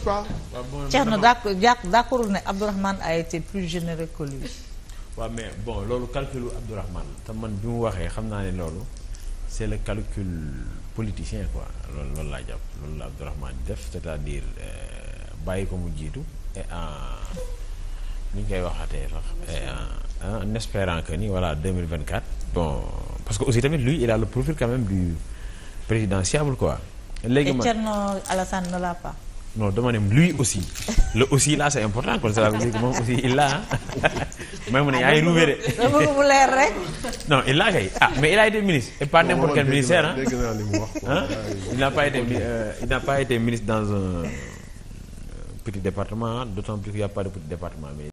dérange pas. Thierno d'accord d'accord ne Abdourahmane a été plus généreux que lui. waaw ouais, mais bon loolu calculu Abdourahmane te man bi mu waxee xam naa ne loolu c'est le calcul politicien quoi loolu loolu laa jàpp loolu la Abdourahmane def c'est-à-dire euh, bàyyi ko mu jiitu et en ni ñu koy waxatee sax et en en espérant que ni voilà 2024. bon parce que aussi tamit lui il a le profil quand même du présidentiable quoi. léegi man et Thierno Alassane ne l'a pas. non dama ne lui aussi le aussi là c'est important kon ça veut dire que aussi il l'a may mu ne yaa ngi ruubee de. dama ko mu leer rek. non il l'a kay ah mais il a été ministre. et pas n'importe quel ministère ah. il n'a pas été euh, il n'a pas été ministre dans un euh, petit département d'autant plus qu'il n'y a pas de petit département mais.